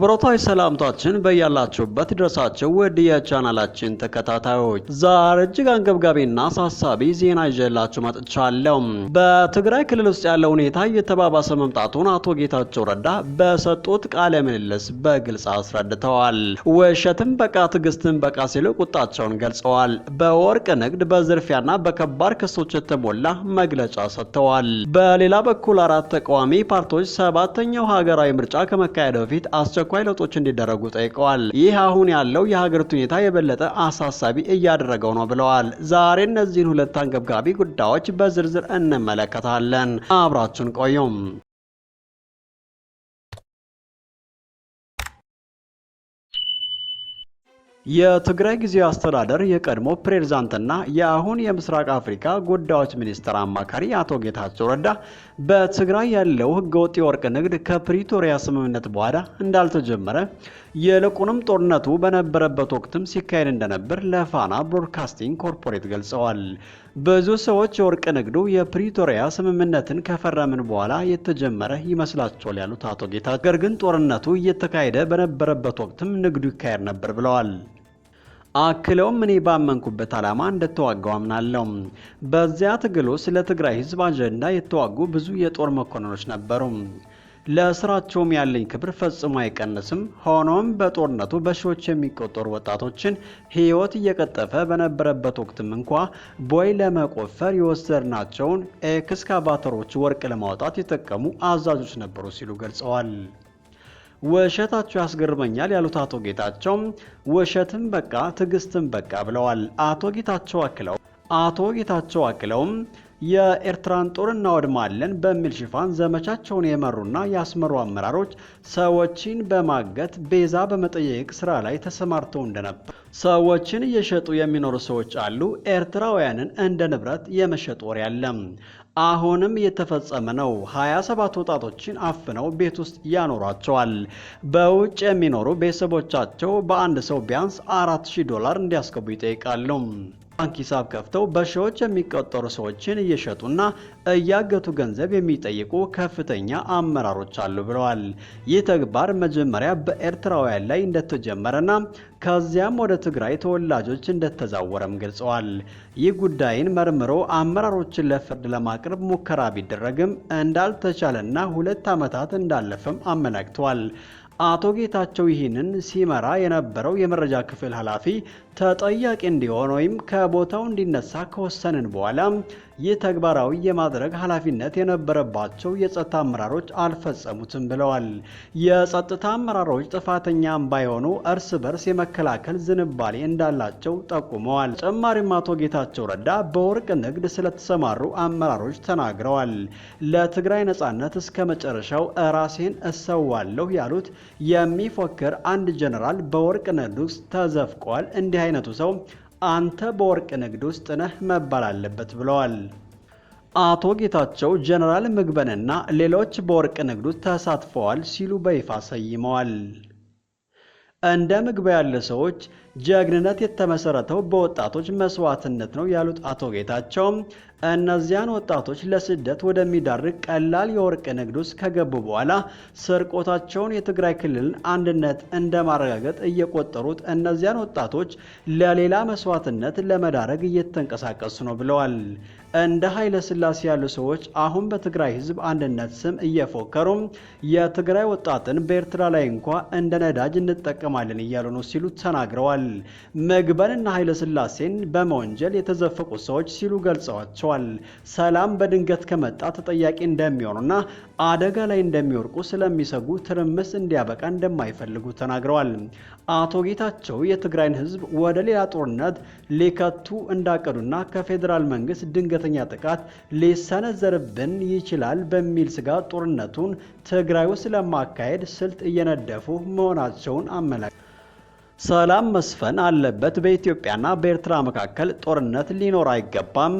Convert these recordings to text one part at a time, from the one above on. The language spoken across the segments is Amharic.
bro አክብሮታዊ ሰላምታችን በያላችሁበት ድረሳቸው ውድ የቻናላችን ተከታታዮች፣ ዛሬ እጅግ አንገብጋቢና አሳሳቢ ዜና ይዤላችሁ መጥቻለሁ። በትግራይ ክልል ውስጥ ያለው ሁኔታ እየተባባሰ መምጣቱን አቶ ጌታቸው ረዳ በሰጡት ቃለ ምልልስ በግልጽ አስረድተዋል። ውሸትም በቃ ትዕግስትም በቃ ሲሉ ቁጣቸውን ገልጸዋል። በወርቅ ንግድ፣ በዝርፊያና በከባድ ክሶች የተሞላ መግለጫ ሰጥተዋል። በሌላ በኩል አራት ተቃዋሚ ፓርቲዎች ሰባተኛው ሀገራዊ ምርጫ ከመካሄድ በፊት አስቸኳይ ለውጦች እንዲደረጉ ጠይቀዋል። ይህ አሁን ያለው የሀገሪቱ ሁኔታ የበለጠ አሳሳቢ እያደረገው ነው ብለዋል። ዛሬ እነዚህን ሁለት አንገብጋቢ ጉዳዮች በዝርዝር እንመለከታለን። አብራችን ቆዩም። የትግራይ ጊዜ አስተዳደር የቀድሞ ፕሬዝዳንትና የአሁን የምስራቅ አፍሪካ ጉዳዮች ሚኒስትር አማካሪ አቶ ጌታቸው ረዳ በትግራይ ያለው ህገወጥ የወርቅ ንግድ ከፕሪቶሪያ ስምምነት በኋላ እንዳልተጀመረ ይልቁንም ጦርነቱ በነበረበት ወቅትም ሲካሄድ እንደነበር ለፋና ብሮድካስቲንግ ኮርፖሬት ገልጸዋል። ብዙ ሰዎች የወርቅ ንግዱ የፕሪቶሪያ ስምምነትን ከፈረምን በኋላ የተጀመረ ይመስላቸዋል ያሉት አቶ ጌታ፣ ነገር ግን ጦርነቱ እየተካሄደ በነበረበት ወቅትም ንግዱ ይካሄድ ነበር ብለዋል። አክለውም እኔ ባመንኩበት ዓላማ እንደተዋጋው አምናለሁ። በዚያ ትግል ውስጥ ለትግራይ ሕዝብ አጀንዳ የተዋጉ ብዙ የጦር መኮንኖች ነበሩ። ለስራቸውም ያለኝ ክብር ፈጽሞ አይቀንስም። ሆኖም በጦርነቱ በሺዎች የሚቆጠሩ ወጣቶችን ህይወት እየቀጠፈ በነበረበት ወቅትም እንኳ ቦይ ለመቆፈር የወሰድናቸውን ኤክስካቫተሮች ወርቅ ለማውጣት የጠቀሙ አዛዦች ነበሩ ሲሉ ገልጸዋል። ውሸታቸው ያስገርመኛል ያሉት አቶ ጌታቸው ውሸትም በቃ ትዕግስትም በቃ ብለዋል። አቶ ጌታቸው አክለው አቶ ጌታቸው አክለውም የኤርትራን ጦር እናወድማለን በሚል ሽፋን ዘመቻቸውን የመሩና ያስመሩ አመራሮች ሰዎችን በማገት ቤዛ በመጠየቅ ስራ ላይ ተሰማርተው እንደነበር፣ ሰዎችን እየሸጡ የሚኖሩ ሰዎች አሉ። ኤርትራውያንን እንደ ንብረት የመሸጥ ወሬ አለም አሁንም እየተፈጸመ ነው። 27 ወጣቶችን አፍነው ቤት ውስጥ ያኖሯቸዋል። በውጭ የሚኖሩ ቤተሰቦቻቸው በአንድ ሰው ቢያንስ አራት ዶላር እንዲያስገቡ ይጠይቃሉ። ባንክ ሂሳብ ከፍተው በሺዎች የሚቆጠሩ ሰዎችን እየሸጡና እያገቱ ገንዘብ የሚጠይቁ ከፍተኛ አመራሮች አሉ ብለዋል። ይህ ተግባር መጀመሪያ በኤርትራውያን ላይ እንደተጀመረና ከዚያም ወደ ትግራይ ተወላጆች እንደተዛወረም ገልጸዋል። ይህ ጉዳይን መርምሮ አመራሮችን ለፍርድ ለማቅረብ ሙከራ ቢደረግም እንዳልተቻለና ሁለት ዓመታት እንዳለፈም አመላክተዋል። አቶ ጌታቸው ይህንን ሲመራ የነበረው የመረጃ ክፍል ኃላፊ ተጠያቂ እንዲሆን ወይም ከቦታው እንዲነሳ ከወሰንን በኋላ ይህ ተግባራዊ የማድረግ ኃላፊነት የነበረባቸው የጸጥታ አመራሮች አልፈጸሙትም ብለዋል። የጸጥታ አመራሮች ጥፋተኛም ባይሆኑ እርስ በርስ የመከላከል ዝንባሌ እንዳላቸው ጠቁመዋል። ጨማሪም አቶ ጌታቸው ረዳ በወርቅ ንግድ ስለተሰማሩ አመራሮች ተናግረዋል። ለትግራይ ነጻነት እስከ መጨረሻው ራሴን እሰዋለሁ ያሉት የሚፎክር አንድ ጀኔራል በወርቅ ንግድ ውስጥ ተዘፍቋል። እንዲህ እንደዚህ አይነቱ ሰው አንተ በወርቅ ንግድ ውስጥ ነህ መባል አለበት ብለዋል። አቶ ጌታቸው ጀነራል ምግበንና ሌሎች በወርቅ ንግድ ውስጥ ተሳትፈዋል ሲሉ በይፋ ሰይመዋል። እንደ ምግበ ያለ ሰዎች ጀግንነት የተመሰረተው በወጣቶች መስዋዕትነት ነው ያሉት አቶ ጌታቸው እነዚያን ወጣቶች ለስደት ወደሚዳርግ ቀላል የወርቅ ንግድ ውስጥ ከገቡ በኋላ ስርቆታቸውን የትግራይ ክልልን አንድነት እንደማረጋገጥ እየቆጠሩት እነዚያን ወጣቶች ለሌላ መስዋዕትነት ለመዳረግ እየተንቀሳቀሱ ነው ብለዋል። እንደ ኃይለ ሥላሴ ያሉ ሰዎች አሁን በትግራይ ሕዝብ አንድነት ስም እየፎከሩም የትግራይ ወጣትን በኤርትራ ላይ እንኳ እንደ ነዳጅ እንጠቀማለን እያሉ ነው ሲሉ ተናግረዋል። ምግበንና ኃይለ ሥላሴን በመወንጀል የተዘፈቁ ሰዎች ሲሉ ገልጸዋቸዋል። አስጠንቅቀዋል። ሰላም በድንገት ከመጣ ተጠያቂ እንደሚሆኑና አደጋ ላይ እንደሚወርቁ ስለሚሰጉ ትርምስ እንዲያበቃ እንደማይፈልጉ ተናግረዋል። አቶ ጌታቸው የትግራይን ሕዝብ ወደ ሌላ ጦርነት ሊከቱ እንዳቀዱና ከፌዴራል መንግስት ድንገተኛ ጥቃት ሊሰነዘርብን ይችላል በሚል ስጋት ጦርነቱን ትግራይ ውስጥ ለማካሄድ ስልት እየነደፉ መሆናቸውን አመላክ ሰላም መስፈን አለበት። በኢትዮጵያና በኤርትራ መካከል ጦርነት ሊኖር አይገባም።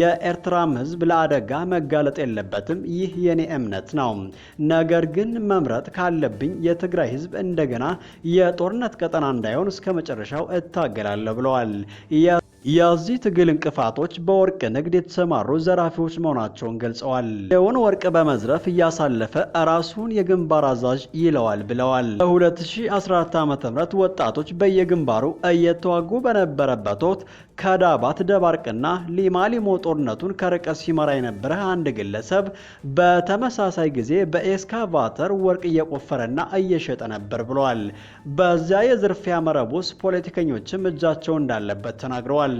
የኤርትራም ሕዝብ ለአደጋ መጋለጥ የለበትም። ይህ የኔ እምነት ነው። ነገር ግን መምረጥ ካለብኝ የትግራይ ሕዝብ እንደገና የጦርነት ቀጠና እንዳይሆን እስከ መጨረሻው እታገላለሁ ብለዋል። የዚህ ትግል እንቅፋቶች በወርቅ ንግድ የተሰማሩ ዘራፊዎች መሆናቸውን ገልጸዋል። የውን ወርቅ በመዝረፍ እያሳለፈ ራሱን የግንባር አዛዥ ይለዋል ብለዋል። በ2014 ዓ.ም ወጣቶች በየግንባሩ እየተዋጉ በነበረበት ወቅት ከዳባት ደባርቅና ሊማሊሞ ጦርነቱን ከርቀት ሲመራ የነበረ አንድ ግለሰብ በተመሳሳይ ጊዜ በኤስካቫተር ወርቅ እየቆፈረና እየሸጠ ነበር ብለዋል። በዚያ የዝርፊያ መረብ ውስጥ ፖለቲከኞችም እጃቸው እንዳለበት ተናግረዋል።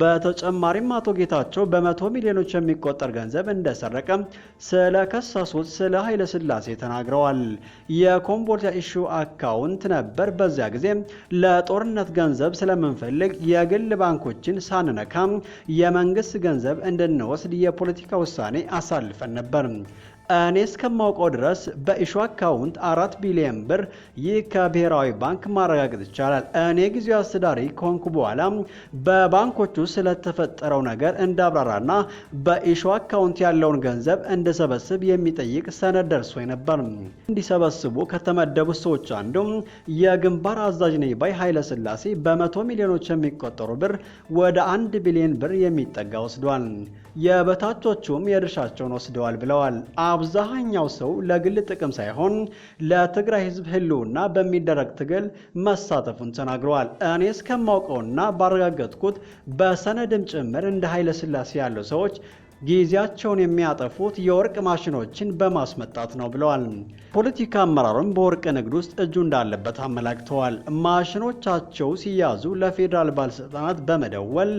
በተጨማሪም አቶ ጌታቸው በመቶ ሚሊዮኖች የሚቆጠር ገንዘብ እንደሰረቀ ስለ ከሳሱት ስለ ኃይለ ስላሴ ተናግረዋል። የኮምቦልቻ ኢሹ አካውንት ነበር። በዚያ ጊዜ ለጦርነት ገንዘብ ስለምንፈልግ የግል ባንኮችን ሳንነካ የመንግስት ገንዘብ እንድንወስድ የፖለቲካ ውሳኔ አሳልፈን ነበር። እኔ እስከማውቀው ድረስ በኢሹ አካውንት አራት ቢሊየን ብር ይህ ከብሔራዊ ባንክ ማረጋገጥ ይቻላል። እኔ ጊዜው አስተዳሪ ከሆንኩ በኋላ በባንኮቹ ስለተፈጠረው ነገር እንዳብራራና በኢሹ አካውንት ያለውን ገንዘብ እንደሰበስብ የሚጠይቅ ሰነድ ደርሶ ነበር። እንዲሰበስቡ ከተመደቡት ሰዎች አንዱ የግንባር አዛዥ ነኝ ባይ ኃይለ ስላሴ በመቶ ሚሊዮኖች የሚቆጠሩ ብር ወደ አንድ ቢሊዮን ብር የሚጠጋ ወስዷል። የበታቾቹም የድርሻቸውን ወስደዋል ብለዋል። አብዛኛው ሰው ለግል ጥቅም ሳይሆን ለትግራይ ሕዝብ ህልውና በሚደረግ ትግል መሳተፉን ተናግረዋል። እኔ እስከማውቀውና ባረጋገጥኩት በሰነድም ጭምር እንደ ኃይለ ስላሴ ያሉ ሰዎች ጊዜያቸውን የሚያጠፉት የወርቅ ማሽኖችን በማስመጣት ነው ብለዋል። ፖለቲካ አመራሩም በወርቅ ንግድ ውስጥ እጁ እንዳለበት አመላክተዋል። ማሽኖቻቸው ሲያዙ ለፌዴራል ባለስልጣናት በመደወል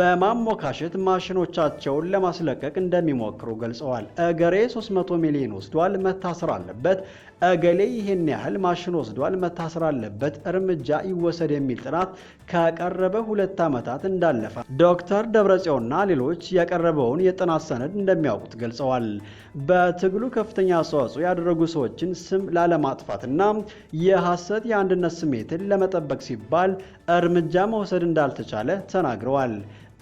በማሞካሸት ማሽኖቻቸውን ለማስለቀቅ እንደሚሞክሩ ገልጸዋል። እገሬ 300 ሚሊዮን ወስዷል፣ መታሰር አለበት፣ እገሌ ይህን ያህል ማሽን ወስዷል፣ መታሰር አለበት፣ እርምጃ ይወሰድ የሚል ጥናት ከቀረበ ሁለት ዓመታት እንዳለፈ ዶክተር ደብረጽዮንና ሌሎች ያቀረበውን የጥናት ሰነድ እንደሚያውቁት ገልጸዋል። በትግሉ ከፍተኛ አስተዋጽኦ ያደረጉ ሰዎችን ስም ላለማጥፋትና የሐሰት የአንድነት ስሜትን ለመጠበቅ ሲባል እርምጃ መውሰድ እንዳልተቻለ ተናግረዋል።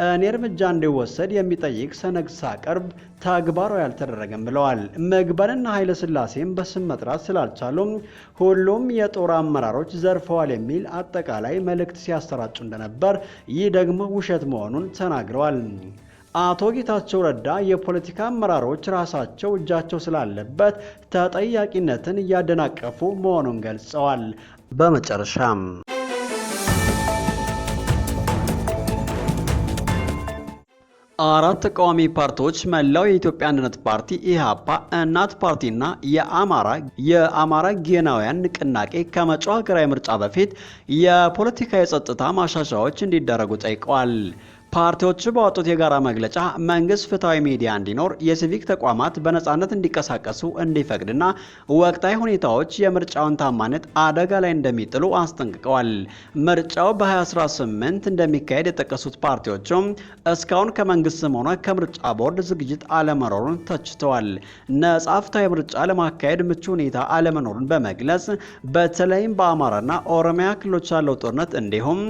እኔ እርምጃ እንዲወሰድ የሚጠይቅ ሰነድ ሳቀርብ ተግባሩ ያልተደረገም ብለዋል። ምግበንና ኃይለ ስላሴም በስም መጥራት ስላልቻሉም ሁሉም የጦር አመራሮች ዘርፈዋል የሚል አጠቃላይ መልእክት ሲያሰራጩ እንደነበር፣ ይህ ደግሞ ውሸት መሆኑን ተናግረዋል። አቶ ጌታቸው ረዳ የፖለቲካ አመራሮች ራሳቸው እጃቸው ስላለበት ተጠያቂነትን እያደናቀፉ መሆኑን ገልጸዋል። በመጨረሻም አራት ተቃዋሚ ፓርቲዎች መላው የኢትዮጵያ አንድነት ፓርቲ ኢህአፓ፣ እናት ፓርቲና የአማራ የአማራ ጌናውያን ንቅናቄ ከመጪው ሀገራዊ ምርጫ በፊት የፖለቲካ የጸጥታ ማሻሻያዎች እንዲደረጉ ጠይቀዋል። ፓርቲዎቹ ባወጡት የጋራ መግለጫ መንግስት ፍትሐዊ ሚዲያ እንዲኖር የሲቪክ ተቋማት በነፃነት እንዲንቀሳቀሱ እንዲፈቅድና ወቅታዊ ሁኔታዎች የምርጫውን ታማነት አደጋ ላይ እንደሚጥሉ አስጠንቅቀዋል። ምርጫው በ2018 እንደሚካሄድ የጠቀሱት ፓርቲዎቹም እስካሁን ከመንግስትም ሆነ ከምርጫ ቦርድ ዝግጅት አለመኖሩን ተችተዋል። ነጻ ፍትሐዊ ምርጫ ለማካሄድ ምቹ ሁኔታ አለመኖሩን በመግለጽ በተለይም በአማራና ኦሮሚያ ክልሎች ያለው ጦርነት እንዲሁም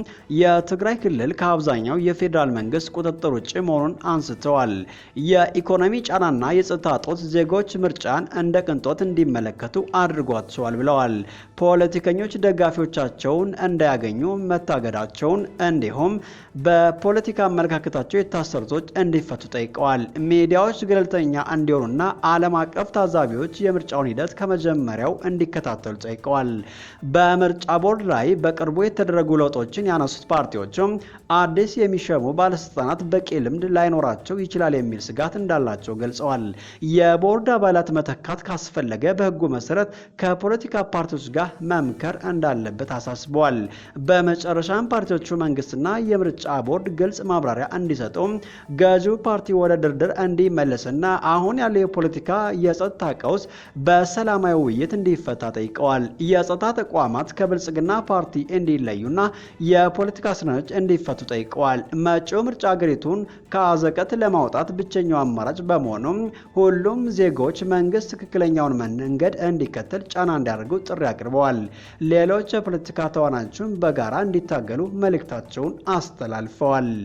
የትግራይ ክልል ከአብዛኛው የፌዴራል መንግስት ቁጥጥር ውጭ መሆኑን አንስተዋል። የኢኮኖሚ ጫናና የጸጥታ ጦት ዜጎች ምርጫን እንደ ቅንጦት እንዲመለከቱ አድርጓቸዋል ብለዋል። ፖለቲከኞች ደጋፊዎቻቸውን እንዳያገኙ መታገዳቸውን እንዲሁም በፖለቲካ አመለካከታቸው የታሰሩ እንዲፈቱ ጠይቀዋል። ሚዲያዎች ገለልተኛ እንዲሆኑና ዓለም አቀፍ ታዛቢዎች የምርጫውን ሂደት ከመጀመሪያው እንዲከታተሉ ጠይቀዋል። በምርጫ ቦርድ ላይ በቅርቡ የተደረጉ ለውጦችን ያነሱት ፓርቲዎችም አዲስ የሚሸሙ ባለስልጣናት በቂ ልምድ ላይኖራቸው ይችላል የሚል ስጋት እንዳላቸው ገልጸዋል። የቦርድ አባላት መተካት ካስፈለገ በህጉ መሰረት ከፖለቲካ ፓርቲዎች ጋር መምከር እንዳለበት አሳስበዋል። በመጨረሻም ፓርቲዎቹ መንግስትና የምርጫ ቦርድ ግልጽ ማብራሪያ እንዲሰጡም ገዢው ፓርቲ ወደ ድርድር እንዲመለስና አሁን ያለው የፖለቲካ የጸጥታ ቀውስ በሰላማዊ ውይይት እንዲፈታ ጠይቀዋል። የጸጥታ ተቋማት ከብልጽግና ፓርቲ እንዲለዩና የፖለቲካ እስረኞች እንዲፈቱ ጠይቀዋል። ያመነጨው ምርጫ አገሪቱን ከአዘቀት ለማውጣት ብቸኛው አማራጭ በመሆኑም ሁሉም ዜጎች መንግስት ትክክለኛውን መንገድ እንዲከተል ጫና እንዲያደርጉ ጥሪ አቅርበዋል። ሌሎች የፖለቲካ ተዋናዮችም በጋራ እንዲታገሉ መልእክታቸውን አስተላልፈዋል።